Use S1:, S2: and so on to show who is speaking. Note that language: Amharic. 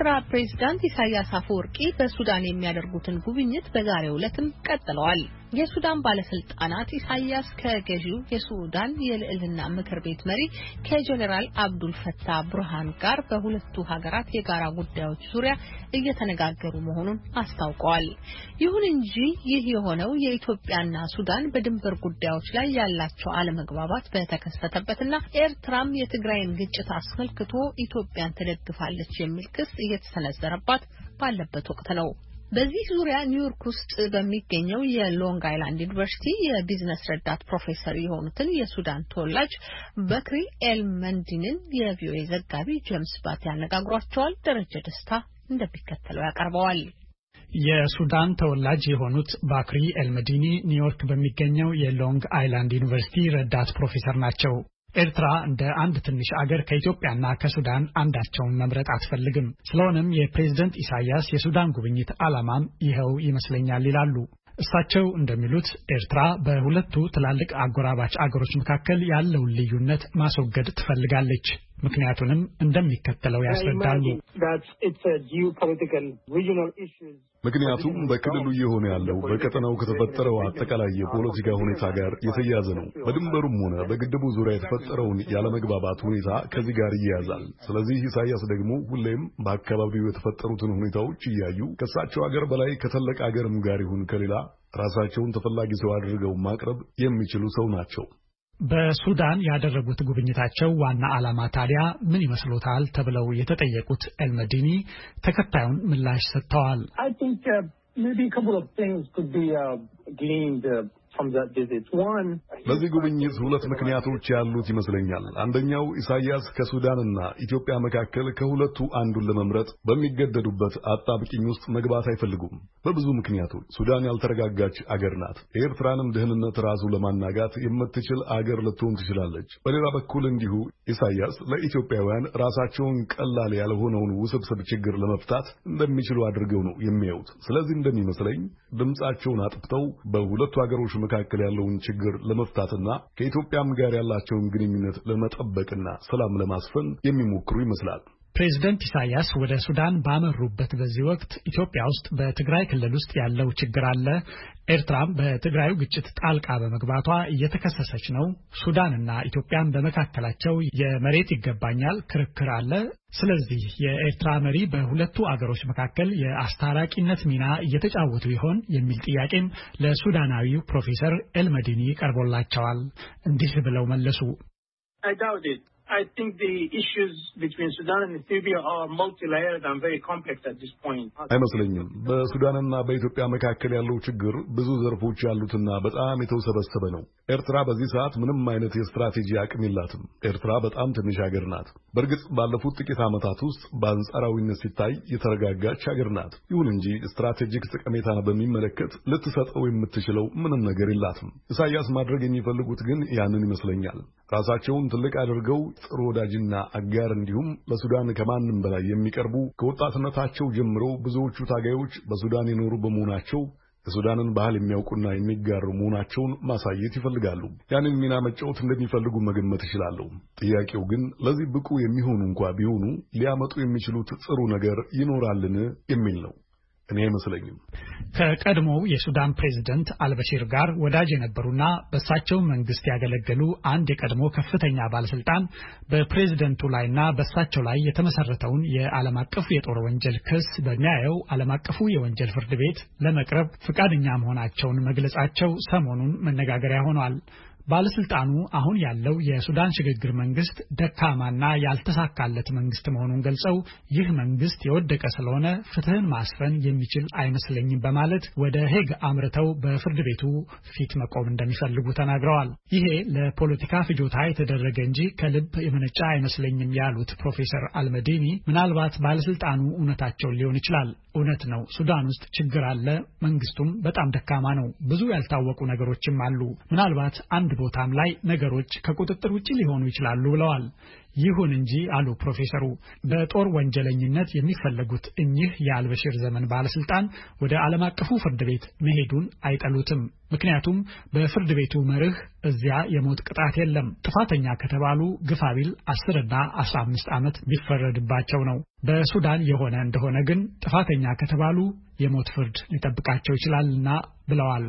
S1: የኤርትራ ፕሬዝዳንት ኢሳያስ አፈወርቂ በሱዳን የሚያደርጉትን ጉብኝት በዛሬው ዕለትም ቀጥለዋል። የሱዳን ባለስልጣናት ኢሳያስ ከገዢው የሱዳን የልዕልና ምክር ቤት መሪ ከጄኔራል አብዱል ፈታህ ጋር በሁለቱ ሀገራት የጋራ ጉዳዮች ዙሪያ እየተነጋገሩ መሆኑን አስታውቀዋል። ይሁን እንጂ ይህ የሆነው የኢትዮጵያና ሱዳን በድንበር ጉዳዮች ላይ ያላቸው አለመግባባት በተከሰተበትና ኤርትራም የትግራይን ግጭት አስመልክቶ ኢትዮጵያን ትደግፋለች የሚል ክስ እየተሰነዘረባት ባለበት ወቅት ነው። በዚህ ዙሪያ ኒውዮርክ ውስጥ በሚገኘው የሎንግ አይላንድ ዩኒቨርሲቲ የቢዝነስ ረዳት ፕሮፌሰር የሆኑትን የሱዳን ተወላጅ በክሪ ኤል መንዲንን የቪኦኤ ዘጋቢ ጀምስ ባት ያነጋግሯቸዋል። ደረጀ ደስታ እንደሚከተለው ያቀርበዋል።
S2: የሱዳን ተወላጅ የሆኑት ባክሪ ኤልመዲኒ ኒውዮርክ በሚገኘው የሎንግ አይላንድ ዩኒቨርሲቲ ረዳት ፕሮፌሰር ናቸው። ኤርትራ እንደ አንድ ትንሽ አገር ከኢትዮጵያና ከሱዳን አንዳቸውን መምረጥ አትፈልግም። ስለሆነም የፕሬዝደንት ኢሳያስ የሱዳን ጉብኝት ዓላማም ይኸው ይመስለኛል ይላሉ። እሳቸው እንደሚሉት ኤርትራ በሁለቱ ትላልቅ አጎራባች አገሮች መካከል ያለውን ልዩነት ማስወገድ ትፈልጋለች። ምክንያቱንም እንደሚከተለው ያስረዳሉ።
S3: ምክንያቱም በክልሉ እየሆነ ያለው በቀጠናው ከተፈጠረው አጠቃላይ የፖለቲካ ሁኔታ ጋር የተያያዘ ነው። በድንበሩም ሆነ በግድቡ ዙሪያ የተፈጠረውን ያለመግባባት ሁኔታ ከዚህ ጋር ይያያዛል። ስለዚህ ኢሳያስ ደግሞ ሁሌም በአካባቢው የተፈጠሩትን ሁኔታዎች እያዩ ከእሳቸው አገር በላይ ከተለቀ አገርም ጋር ይሁን ከሌላ ራሳቸውን ተፈላጊ ሰው አድርገው ማቅረብ የሚችሉ ሰው ናቸው።
S2: በሱዳን ያደረጉት ጉብኝታቸው ዋና ዓላማ ታዲያ ምን ይመስሎታል? ተብለው የተጠየቁት ኤልመዲኒ ተከታዩን ምላሽ ሰጥተዋል።
S3: በዚህ ጉብኝት ሁለት ምክንያቶች ያሉት ይመስለኛል። አንደኛው ኢሳያስ ከሱዳንና ኢትዮጵያ መካከል ከሁለቱ አንዱን ለመምረጥ በሚገደዱበት አጣብቂኝ ውስጥ መግባት አይፈልጉም። በብዙ ምክንያቶች ሱዳን ያልተረጋጋች አገር ናት። የኤርትራንም ደህንነት ራሱ ለማናጋት የምትችል አገር ልትሆን ትችላለች። በሌላ በኩል እንዲሁ ኢሳያስ ለኢትዮጵያውያን ራሳቸውን ቀላል ያልሆነውን ውስብስብ ችግር ለመፍታት እንደሚችሉ አድርገው ነው የሚያዩት። ስለዚህ እንደሚመስለኝ ድምፃቸውን አጥፍተው በሁለቱ አገሮች መካከል ያለውን ችግር ለመፍታትና ከኢትዮጵያም ጋር ያላቸውን ግንኙነት ለመጠበቅና ሰላም ለማስፈን የሚሞክሩ ይመስላል። ፕሬዝደንት
S2: ኢሳያስ ወደ ሱዳን ባመሩበት በዚህ ወቅት ኢትዮጵያ ውስጥ በትግራይ ክልል ውስጥ ያለው ችግር አለ፣ ኤርትራም በትግራዩ ግጭት ጣልቃ በመግባቷ እየተከሰሰች ነው፣ ሱዳንና ኢትዮጵያን በመካከላቸው የመሬት ይገባኛል ክርክር አለ። ስለዚህ የኤርትራ መሪ በሁለቱ አገሮች መካከል የአስታራቂነት ሚና እየተጫወቱ ይሆን የሚል ጥያቄም ለሱዳናዊው ፕሮፌሰር ኤልመዲኒ ቀርቦላቸዋል። እንዲህ ብለው መለሱ። I think the issues between Sudan and Ethiopia are multi-layered and very complex at this point.
S3: አይመስለኝም። በሱዳንና በኢትዮጵያ መካከል ያለው ችግር ብዙ ዘርፎች ያሉትና በጣም የተውሰበሰበ ነው። ኤርትራ በዚህ ሰዓት ምንም አይነት የስትራቴጂ አቅም የላትም። ኤርትራ በጣም ትንሽ ሀገር ናት። በእርግጥ ባለፉት ጥቂት ዓመታት ውስጥ በአንጻራዊነት ሲታይ የተረጋጋች ሀገር ናት። ይሁን እንጂ ስትራቴጂክ ጠቀሜታን በሚመለከት ልትሰጠው የምትችለው ምንም ነገር የላትም። ኢሳያስ ማድረግ የሚፈልጉት ግን ያንን ይመስለኛል። ራሳቸውን ትልቅ አድርገው ጥሩ ወዳጅና አጋር እንዲሁም ለሱዳን ከማንም በላይ የሚቀርቡ ከወጣትነታቸው ጀምሮ ብዙዎቹ ታጋዮች በሱዳን የኖሩ በመሆናቸው የሱዳንን ባህል የሚያውቁና የሚጋሩ መሆናቸውን ማሳየት ይፈልጋሉ። ያንን ሚና መጫወት እንደሚፈልጉ መገመት እችላለሁ። ጥያቄው ግን ለዚህ ብቁ የሚሆኑ እንኳ ቢሆኑ ሊያመጡ የሚችሉት ጥሩ ነገር ይኖራልን የሚል ነው። እኔ አይመስለኝም።
S2: ከቀድሞው የሱዳን ፕሬዝደንት አልበሺር ጋር ወዳጅ የነበሩና በእሳቸው መንግስት ያገለገሉ አንድ የቀድሞ ከፍተኛ ባለስልጣን በፕሬዝደንቱ ላይና በእሳቸው ላይ የተመሰረተውን የዓለም አቀፉ የጦር ወንጀል ክስ በሚያየው ዓለም አቀፉ የወንጀል ፍርድ ቤት ለመቅረብ ፈቃደኛ መሆናቸውን መግለጻቸው ሰሞኑን መነጋገሪያ ሆኗል። ባለስልጣኑ አሁን ያለው የሱዳን ሽግግር መንግስት ደካማና ያልተሳካለት መንግስት መሆኑን ገልጸው ይህ መንግስት የወደቀ ስለሆነ ፍትህን ማስፈን የሚችል አይመስለኝም በማለት ወደ ሄግ አምርተው በፍርድ ቤቱ ፊት መቆም እንደሚፈልጉ ተናግረዋል። ይሄ ለፖለቲካ ፍጆታ የተደረገ እንጂ ከልብ የመነጫ አይመስለኝም ያሉት ፕሮፌሰር አልመዲኒ ምናልባት ባለስልጣኑ እውነታቸውን ሊሆን ይችላል። እውነት ነው፣ ሱዳን ውስጥ ችግር አለ። መንግስቱም በጣም ደካማ ነው። ብዙ ያልታወቁ ነገሮችም አሉ። ምናልባት አንድ ቦታም ላይ ነገሮች ከቁጥጥር ውጭ ሊሆኑ ይችላሉ ብለዋል። ይሁን እንጂ አሉ ፕሮፌሰሩ በጦር ወንጀለኝነት የሚፈለጉት እኚህ የአልበሽር ዘመን ባለስልጣን ወደ ዓለም አቀፉ ፍርድ ቤት መሄዱን አይጠሉትም። ምክንያቱም በፍርድ ቤቱ መርህ እዚያ የሞት ቅጣት የለም። ጥፋተኛ ከተባሉ ግፋቢል አስርና አስራ አምስት ዓመት ቢፈረድባቸው ነው። በሱዳን የሆነ እንደሆነ ግን ጥፋተኛ ከተባሉ የሞት ፍርድ ሊጠብቃቸው ይችላልና ብለዋል።